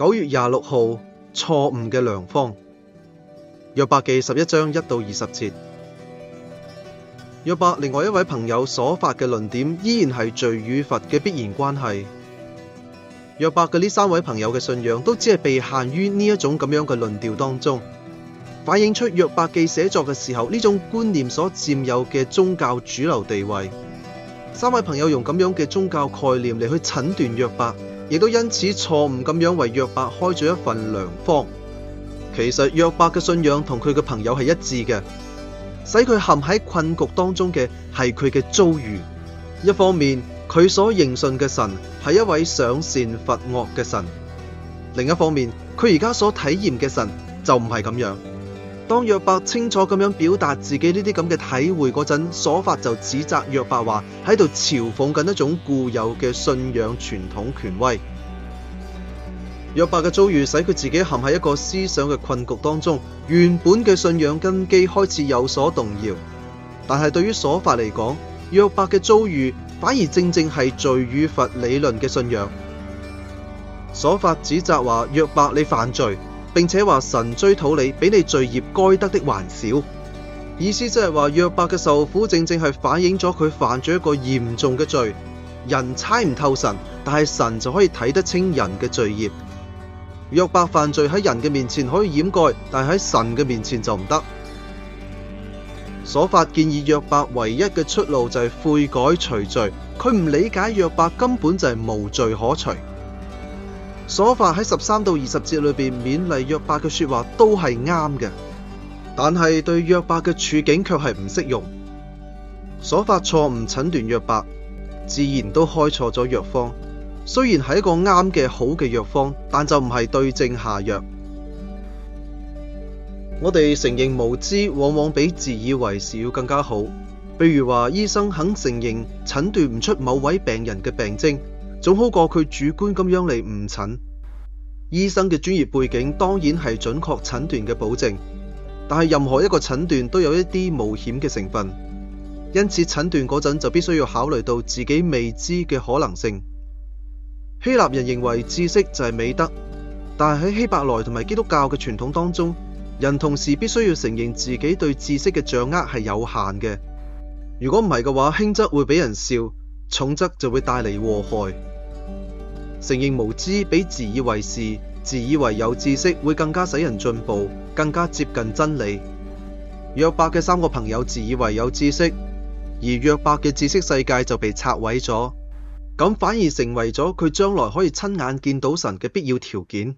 九月廿六號，錯誤嘅良方。約伯記十一章一到二十節，約伯另外一位朋友所發嘅論點，依然係罪與罰嘅必然關係。約伯嘅呢三位朋友嘅信仰，都只係被限於呢一種咁樣嘅論調當中，反映出約伯記寫作嘅時候呢種觀念所佔有嘅宗教主流地位。三位朋友用咁樣嘅宗教概念嚟去診斷約伯。亦都因此錯誤咁樣為約伯開咗一份良方。其實約伯嘅信仰同佢嘅朋友係一致嘅，使佢陷喺困局當中嘅係佢嘅遭遇。一方面，佢所認信嘅神係一位賞善罰惡嘅神；另一方面，佢而家所體驗嘅神就唔係咁樣。當約伯清楚咁樣表達自己呢啲咁嘅體會嗰陣，瑣法就指責約伯話喺度嘲諷緊一種固有嘅信仰傳統權威。約伯嘅遭遇，使佢自己陷喺一個思想嘅困局當中，原本嘅信仰根基開始有所動搖。但係對於瑣法嚟講，約伯嘅遭遇反而正正係罪與罰理論嘅信仰。瑣法指責話：約伯你犯罪。並且話神追討你，比你罪孽該得的還少。意思即係話約伯嘅受苦，正正係反映咗佢犯咗一個嚴重嘅罪。人猜唔透神，但係神就可以睇得清人嘅罪孽。約伯犯罪喺人嘅面前可以掩蓋，但係喺神嘅面前就唔得。瑣法建議約伯唯一嘅出路就係悔改除罪。佢唔理解約伯根本就係無罪可除。所法喺十三到二十節裏邊勉勵約伯嘅說話都係啱嘅，但係對約伯嘅處境卻係唔適用。所法錯誤診斷約伯，自然都開錯咗藥方。雖然係一個啱嘅好嘅藥方，但就唔係對症下藥。 我哋承認無知，往往比自以為是要更加好。譬如話醫生肯承認診斷唔出某位病人嘅病症。總好過佢主觀咁樣嚟誤診。醫生嘅專業背景當然係準確診斷嘅保證，但係任何一個診斷都有一啲冒險嘅成分，因此診斷嗰陣就必須要考慮到自己未知嘅可能性。希臘人認為知識就係美德，但係喺希伯來同埋基督教嘅傳統當中，人同時必須要承認自己對知識嘅掌握係有限嘅。如果唔係嘅話，輕則會俾人笑，重則就會帶嚟禍害。承認無知比自以為是，自以為有知識會更加使人進步，更加接近真理。約伯嘅三個朋友自以為有知識，而約伯嘅知識世界就被拆毀咗，咁反而成為咗佢將來可以親眼見到神嘅必要條件。